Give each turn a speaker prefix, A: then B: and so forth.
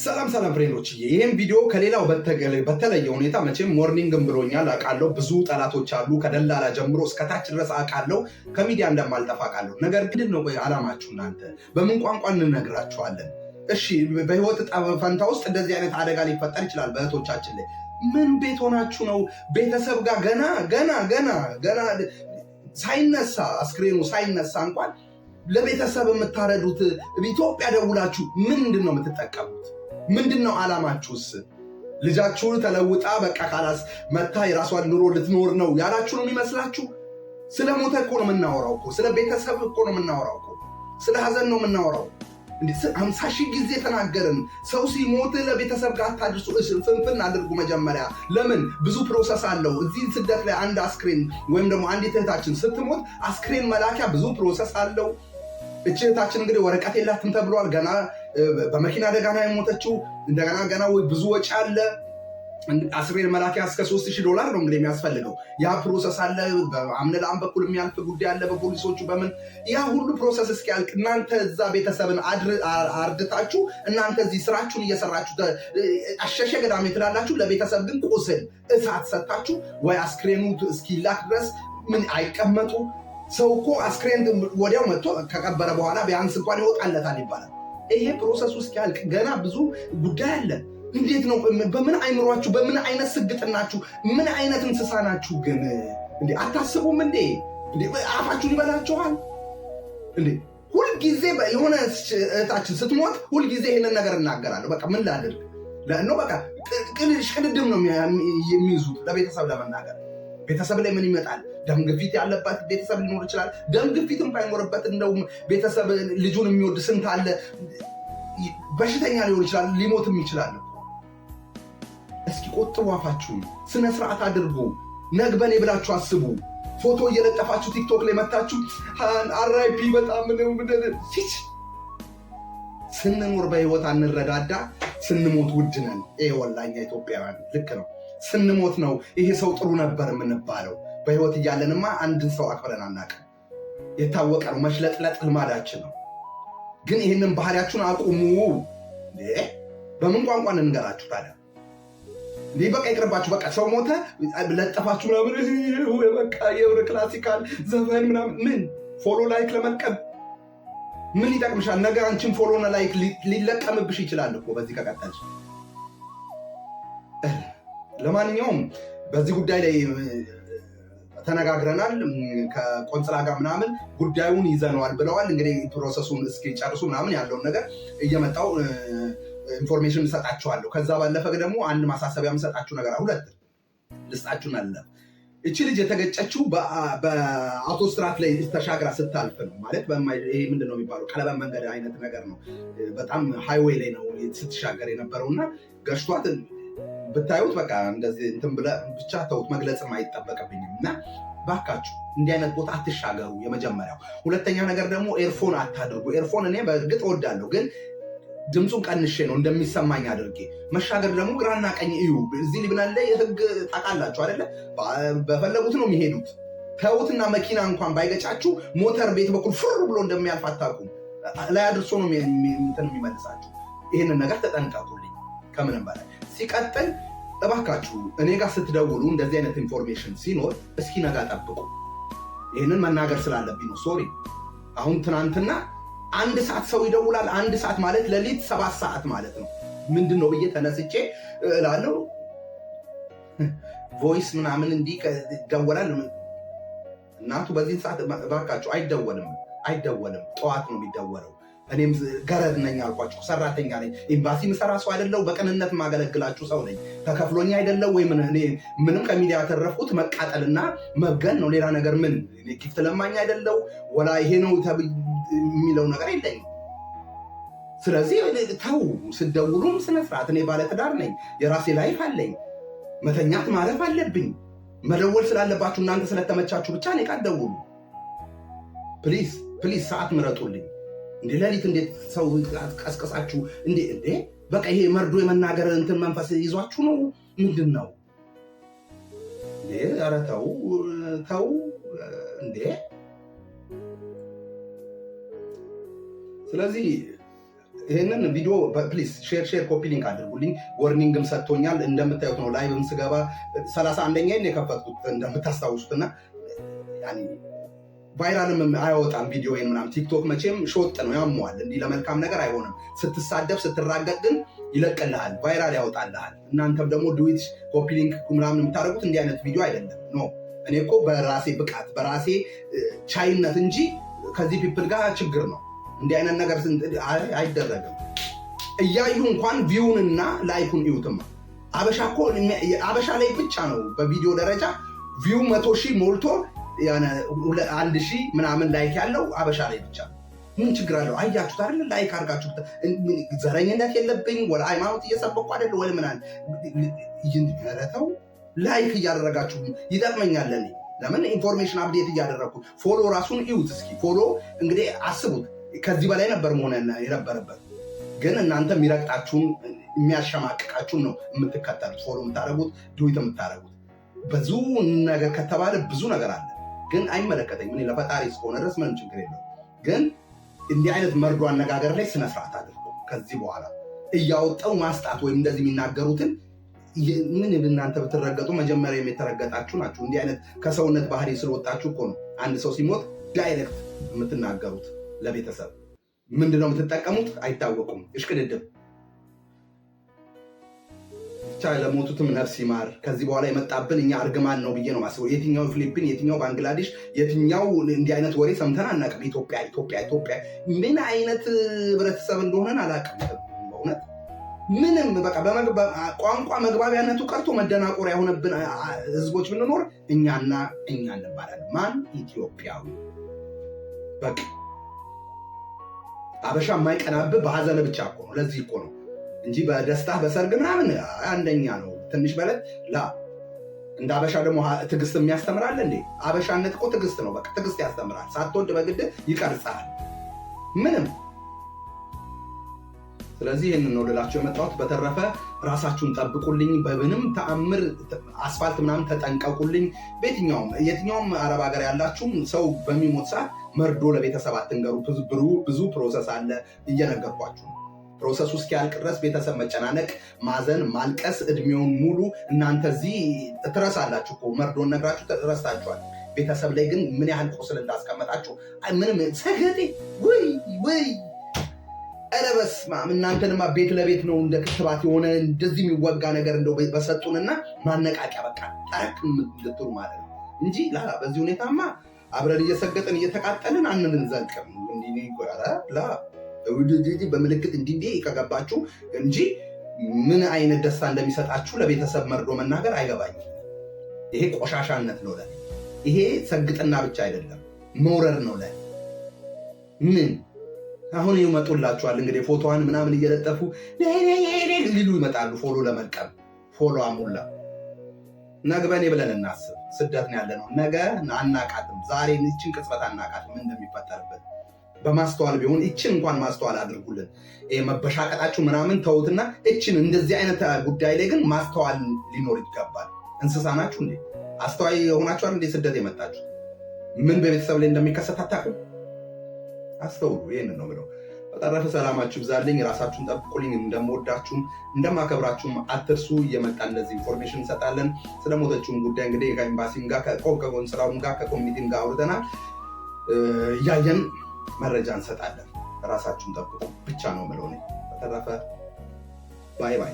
A: ሰላም ሰላም ፍሬንዶችዬ፣ ይህም ቪዲዮ ከሌላው በተለየ ሁኔታ መቼም ሞርኒንግም ብሎኛል አውቃለሁ። ብዙ ጠላቶች አሉ፣ ከደላላ ጀምሮ እስከታች ድረስ አውቃለሁ። ከሚዲያ እንደማልጠፋ አውቃለሁ። ነገር ግን ነው አላማችሁ እናንተ በምን ቋንቋ እንነግራችኋለን? እሺ፣ በህይወት ፈንታ ውስጥ እንደዚህ አይነት አደጋ ሊፈጠር ይችላል በእህቶቻችን ላይ። ምን ቤት ሆናችሁ ነው ቤተሰብ ጋር ገና ገና ገና ገና ሳይነሳ አስክሬኑ ሳይነሳ እንኳን ለቤተሰብ የምታረዱት ኢትዮጵያ ደውላችሁ ምንድን ነው የምትጠቀሙት? ምንድን ነው ዓላማችሁስ? ልጃችሁን ተለውጣ በቃ ካላስ መታ የራሷን ኑሮ ልትኖር ነው ያላችሁ ነው የሚመስላችሁ? ስለ ሞተ እኮ ነው የምናወራው እኮ ስለ ቤተሰብ እኮ ነው የምናወራው እኮ ስለ ሀዘን ነው የምናወራው። ሀምሳ ሺህ ጊዜ ተናገርን። ሰው ሲሞት ለቤተሰብ ጋር ታድርሱ ፍንፍን አድርጉ። መጀመሪያ ለምን ብዙ ፕሮሰስ አለው። እዚህ ስደት ላይ አንድ አስክሬን ወይም ደግሞ አንዲት እህታችን ስትሞት አስክሬን መላኪያ ብዙ ፕሮሰስ አለው። እች እህታችን እንግዲህ ወረቀት የላትም ተብሏል ገና በመኪና አደጋ ነው የሞተችው። እንደገና ገና ብዙ ወጪ አለ። አስሬን መላኪያ እስከ ሶስት ሺህ ዶላር ነው እንግዲህ የሚያስፈልገው። ያ ፕሮሰስ አለ። አምነላም በኩል የሚያልፍ ጉዳይ አለ፣ በፖሊሶቹ በምን ያ ሁሉ ፕሮሰስ እስኪያልቅ እናንተ እዛ ቤተሰብን አርድታችሁ እናንተ እዚህ ስራችሁን እየሰራችሁ አሸሸ ገዳሜ ትላላችሁ። ለቤተሰብ ግን ቁስል እሳት ሰጥታችሁ ወይ አስክሬኑ እስኪላክ ድረስ ምን አይቀመጡ። ሰው እኮ አስክሬን ወዲያው መጥቶ ከቀበረ በኋላ ቢያንስ እንኳን ይወጣለታል ይባላል። ይሄ ፕሮሰስ ውስጥ ያልቅ ገና ብዙ ጉዳይ አለ። እንዴት ነው? በምን አይምሯችሁ? በምን አይነት ስግጥናችሁ? ምን አይነት እንስሳ ናችሁ ግን? እንዴ አታስቡም እንዴ? አፋችሁን ይበላችኋል እንዴ? ሁልጊዜ የሆነ እህታችን ስትሞት ሁልጊዜ ይህንን ነገር እናገራለሁ። በቃ ምን ላድርግ ነው በቃ ቅድድም ነው የሚይዙት ለቤተሰብ ለመናገር ቤተሰብ ላይ ምን ይመጣል? ደም ግፊት ያለበት ቤተሰብ ሊኖር ይችላል። ደም ግፊትም ባይኖርበት እንደውም ቤተሰብ ልጁን የሚወድ ስንት አለ። በሽተኛ ሊሆን ይችላል፣ ሊሞትም ይችላል። እስኪ ቆጥቡ፣ አፋችሁን ስነ ስርዓት አድርጉ። ነግ በኔ ብላችሁ አስቡ። ፎቶ እየለጠፋችሁ ቲክቶክ ላይ መታችሁ አራይፒ በጣም ፊት ስንኖር በህይወት አንረዳዳ፣ ስንሞት ውድ ነን። ይሄ ወላኛ ኢትዮጵያውያን ልክ ነው። ስንሞት ነው ይሄ ሰው ጥሩ ነበር የምንባለው። በህይወት እያለንማ አንድን ሰው አክብረን አናውቅም። የታወቀ ነው፣ መሽለጥለጥ ልማዳችን ነው። ግን ይህንን ባህሪያችሁን አቁሙ። በምን ቋንቋ እንንገራችሁ ታዲያ? እንዲህ በቃ ይቅርባችሁ። በቃ ሰው ሞተ ለጠፋችሁ ምናምን በቃ የሆነ ክላሲካል ዘፈን ምናምን ምን ፎሎ ላይክ ለመልቀም ምን ይጠቅምሻል? ነገ አንቺን ፎሎና ላይክ ሊለቀምብሽ ይችላል እኮ በዚህ ከቀጠልሽ ለማንኛውም በዚህ ጉዳይ ላይ ተነጋግረናል ከቆንስላ ጋር ምናምን ጉዳዩን ይዘነዋል ብለዋል። እንግዲህ ፕሮሰሱን እስኪጨርሱ ምናምን ያለውን ነገር እየመጣው ኢንፎርሜሽን እሰጣችኋለሁ። ከዛ ባለፈ ደግሞ አንድ ማሳሰቢያ የምሰጣችሁ ነገር ሁለት ልስጣችሁን አለ። እቺ ልጅ የተገጨችው በአውቶስትራት ላይ ተሻግራ ስታልፍ ነው። ማለት ይሄ ምንድን ነው የሚባለው ቀለበት መንገድ አይነት ነገር ነው። በጣም ሃይዌይ ላይ ነው ስትሻገር የነበረው እና ብታዩት በቃ እንደዚህ እንትን ብለህ ብቻ ተውት፣ መግለጽም አይጠበቅብኝም እና ባካችሁ እንዲህ አይነት ቦታ አትሻገሩ። የመጀመሪያው። ሁለተኛ ነገር ደግሞ ኤርፎን አታድርጉ። ኤርፎን እኔ በእርግጥ እወዳለሁ ግን ድምፁን ቀንሼ ነው እንደሚሰማኝ አድርጌ መሻገር። ደግሞ ግራና ቀኝ እዩ። እዚህ ሊብናን ላይ ህግ ታውቃላችሁ አይደለ? በፈለጉት ነው የሚሄዱት። ተውትና መኪና እንኳን ባይገጫችሁ ሞተር ቤት በኩል ፍር ብሎ እንደሚያልፍ አታውቁም። ላይ አድርሶ ነው እንትን የሚመልሳችሁ። ይህንን ነገር ተጠንቀቁልኝ ከምንም በላይ ሲቀጥል እባካችሁ እኔ ጋር ስትደውሉ እንደዚህ አይነት ኢንፎርሜሽን ሲኖር እስኪነጋ ጠብቁ። ይህንን መናገር ስላለብኝ ነው። ሶሪ። አሁን ትናንትና አንድ ሰዓት ሰው ይደውላል። አንድ ሰዓት ማለት ሌሊት ሰባት ሰዓት ማለት ነው። ምንድን ነው ብዬ ተነስቼ እላለሁ። ቮይስ ምናምን እንዲህ ይደወላል። እናቱ በዚህ ሰዓት እባካችሁ አይደወልም፣ አይደወልም። ጠዋት ነው የሚደወለው። እኔም ገረድ ነኝ አልኳችሁ፣ ሰራተኛ ነኝ። ኤምባሲ ምሰራ ሰው አይደለው፣ በቅንነት ማገለግላችሁ ሰው ነኝ። ተከፍሎኛ አይደለው እኔ ምንም ከሚዲያ ያተረፍኩት መቃጠልና መብገን ነው። ሌላ ነገር ምን ጊፍት ለማኝ አይደለው ወላ ይሄ ነው የሚለው ነገር የለኝም። ስለዚህ ተው፣ ስደውሉም ስነስርዓት። እኔ ባለትዳር ነኝ፣ የራሴ ላይፍ አለኝ። መተኛት ማረፍ አለብኝ። መደወል ስላለባችሁ እናንተ ስለተመቻችሁ ብቻ እኔ ቃል ደውሉ። ፕሊዝ ፕሊዝ፣ ሰዓት ምረጡልኝ። እንደ ሌሊት እንዴት ሰው ቀስቀሳችሁ? እንዴ እንዴ በቃ ይሄ መርዶ የመናገር እንትን መንፈስ ይዟችሁ ነው ምንድን ነው? ኧረ ተው ተው እንዴ! ስለዚህ ይህንን ቪዲዮ ፕሊዝ ሼር ሼር ኮፒ ሊንክ አድርጉልኝ። ወርኒንግም ሰጥቶኛል እንደምታዩት ነው። ላይቭም ስገባ ሰላሳ አንደኛ የከፈትኩት እንደምታስታውሱትና ቫይራልም አይወጣም ወይም ምናም ቲክቶክ መቼም ሾጥ ነው ያሟዋል። እንዲህ ለመልካም ነገር አይሆንም። ስትሳደብ ስትራገጥ ግን ይለቅልሃል፣ ቫይራል ያወጣልሃል። እናንተም ደግሞ ዱዊት ኮፒሊንክ ምናምን የምታደርጉት እንዲህ አይነት ቪዲዮ አይደለም። ኖ እኔ እኮ በራሴ ብቃት በራሴ ቻይነት እንጂ ከዚህ ፒፕል ጋር ችግር ነው። እንዲህ አይነት ነገር አይደረግም። እያዩ እንኳን ቪውንና ላይኩን እዩትማ። አበሻ እኮ አበሻ ላይ ብቻ ነው በቪዲዮ ደረጃ ቪው መቶ ሺህ ሞልቶ አንድ ሺህ ምናምን ላይክ ያለው አበሻ ላይ ብቻ ምን ችግር አለው? አያችሁ አይደለ? ላይክ አድርጋችሁ ዘረኝነት የለብኝ ወደ ሃይማኖት እየሰበኩ አይደለ ወይ ምናምን ይንረተው ላይክ እያደረጋችሁ ይጠቅመኛለን። ለምን ኢንፎርሜሽን አፕዴት እያደረግኩ ፎሎ ራሱን ይዩት እስኪ። ፎሎ እንግዲህ አስቡት፣ ከዚህ በላይ ነበር መሆን የነበረበት፣ ግን እናንተ የሚረግጣችሁም የሚያሸማቅቃችሁም ነው የምትከተሉት ፎሎ የምታደረጉት ዱዊት የምታደረጉት። ብዙ ነገር ከተባለ ብዙ ነገር አለ ግን አይመለከተኝም። እኔ ለፈጣሪ እስከሆነ ድረስ ምንም ችግር የለው። ግን እንዲህ አይነት መርዶ አነጋገር ላይ ስነስርዓት አድርጎ ከዚህ በኋላ እያወጣው ማስጣት ወይም እንደዚህ የሚናገሩትን ምን እናንተ ብትረገጡ መጀመሪያ የተረገጣችሁ ናችሁ። እንዲህ አይነት ከሰውነት ባህሪ ስለወጣችሁ እኮ ነው አንድ ሰው ሲሞት ዳይሬክት የምትናገሩት ለቤተሰብ ምንድነው የምትጠቀሙት? አይታወቁም። እሽቅድድም ብቻ ለሞቱትም ነፍስ ይማር። ከዚህ በኋላ የመጣብን እኛ እርግማን ነው ብዬ ነው ማስበው። የትኛው ፊሊፒን፣ የትኛው ባንግላዴሽ፣ የትኛው እንዲህ አይነት ወሬ ሰምተን አናውቅም። ኢትዮጵያ ኢትዮጵያ ኢትዮጵያ ምን አይነት ህብረተሰብ እንደሆነን አላውቅም። በእውነት ምንም በቃ ቋንቋ መግባቢያነቱ ቀርቶ መደናቆር የሆነብን ህዝቦች ብንኖር እኛና እኛ እንባላለን። ማን ኢትዮጵያዊ በቃ አበሻ የማይቀናብ በሀዘን ብቻ እኮ ነው። ለዚህ እኮ ነው እንጂ በደስታ በሰርግ ምናምን አንደኛ ነው። ትንሽ በለት ላ እንደ አበሻ ደግሞ ትዕግስት የሚያስተምራል እንዴ? አበሻነት እኮ ትዕግስት ነው። በቃ ትዕግስት ያስተምራል። ሳትወድ በግድ ይቀርጻል። ምንም ስለዚህ ይህንን ነው ልላቸው የመጣሁት። በተረፈ ራሳችሁን ጠብቁልኝ፣ በምንም ተአምር አስፋልት ምናምን ተጠንቀቁልኝ። በየትኛውም የትኛውም አረብ ሀገር ያላችሁም ሰው በሚሞት ሰዓት መርዶ ለቤተሰብ አትንገሩ። ብዙ ፕሮሰስ አለ፣ እየነገርኳችሁ ፕሮሰሱ እስኪያልቅ ድረስ ቤተሰብ መጨናነቅ፣ ማዘን፣ ማልቀስ እድሜውን ሙሉ እናንተ እዚህ ትረሳላችሁ እኮ መርዶን ነግራችሁ ትረስታችኋል። ቤተሰብ ላይ ግን ምን ያህል ቁስል እንዳስቀመጣችሁ ምንም ሰገጤ ወይ ወይ ኧረ እናንተንማ ቤት ለቤት ነው እንደ ክትባት የሆነ እንደዚህ የሚወጋ ነገር እንደው በሰጡንና ማነቃቂያ በቃ ጠረቅ ልትሉ ማለት ነው እንጂ ላላ በዚህ ሁኔታማ አብረን እየሰገጥን እየተቃጠልን አንልን ዘልቅም ላ በምልክት እንዲህ ከገባችሁ እንጂ ምን አይነት ደስታ እንደሚሰጣችሁ ለቤተሰብ መርዶ መናገር አይገባኝም። ይሄ ቆሻሻነት ነው ለእኔ። ይሄ ሰግጥና ብቻ አይደለም መውረር ነው ለእኔ። ምን አሁን ይመጡላችኋል እንግዲህ ፎቶዋን ምናምን እየለጠፉ ሊሉ ይመጣሉ። ፎሎ ለመልቀም ፎሎ አሙላ ነገ ብለን እናስብ። ስደት ነው ያለ ነው። ነገ አናቃትም። ዛሬ ይችን ቅጽበት አናቃትም እንደሚፈጠርበት በማስተዋል ቢሆን እችን እንኳን ማስተዋል አድርጉልን። መበሻቀጣችሁ ምናምን ተውትና እችን እንደዚህ አይነት ጉዳይ ላይ ግን ማስተዋል ሊኖር ይገባል። እንስሳ ናችሁ እንዴ? አስተዋይ የሆናችኋል እንዴ? ስደት የመጣችሁ ምን በቤተሰብ ላይ እንደሚከሰት አታውቅም። አስተውሉ። ይህንን ነው ብለው በጠረፈ ሰላማችሁ ብዛልኝ። ራሳችሁን ጠብቁልኝ። እንደምወዳችሁም እንደማከብራችሁም አትርሱ። እየመጣ እንደዚህ ኢንፎርሜሽን እንሰጣለን። ስለ ሞተችውን ጉዳይ እንግዲህ ከኤምባሲም ጋር ከቆም ከጎን ስራውም ጋር ከኮሚኒቲም ጋር አውርተናል እያየን መረጃ እንሰጣለን። ራሳችሁን ጠብቁ ብቻ ነው የምለው። በተረፈ ባይ ባይ።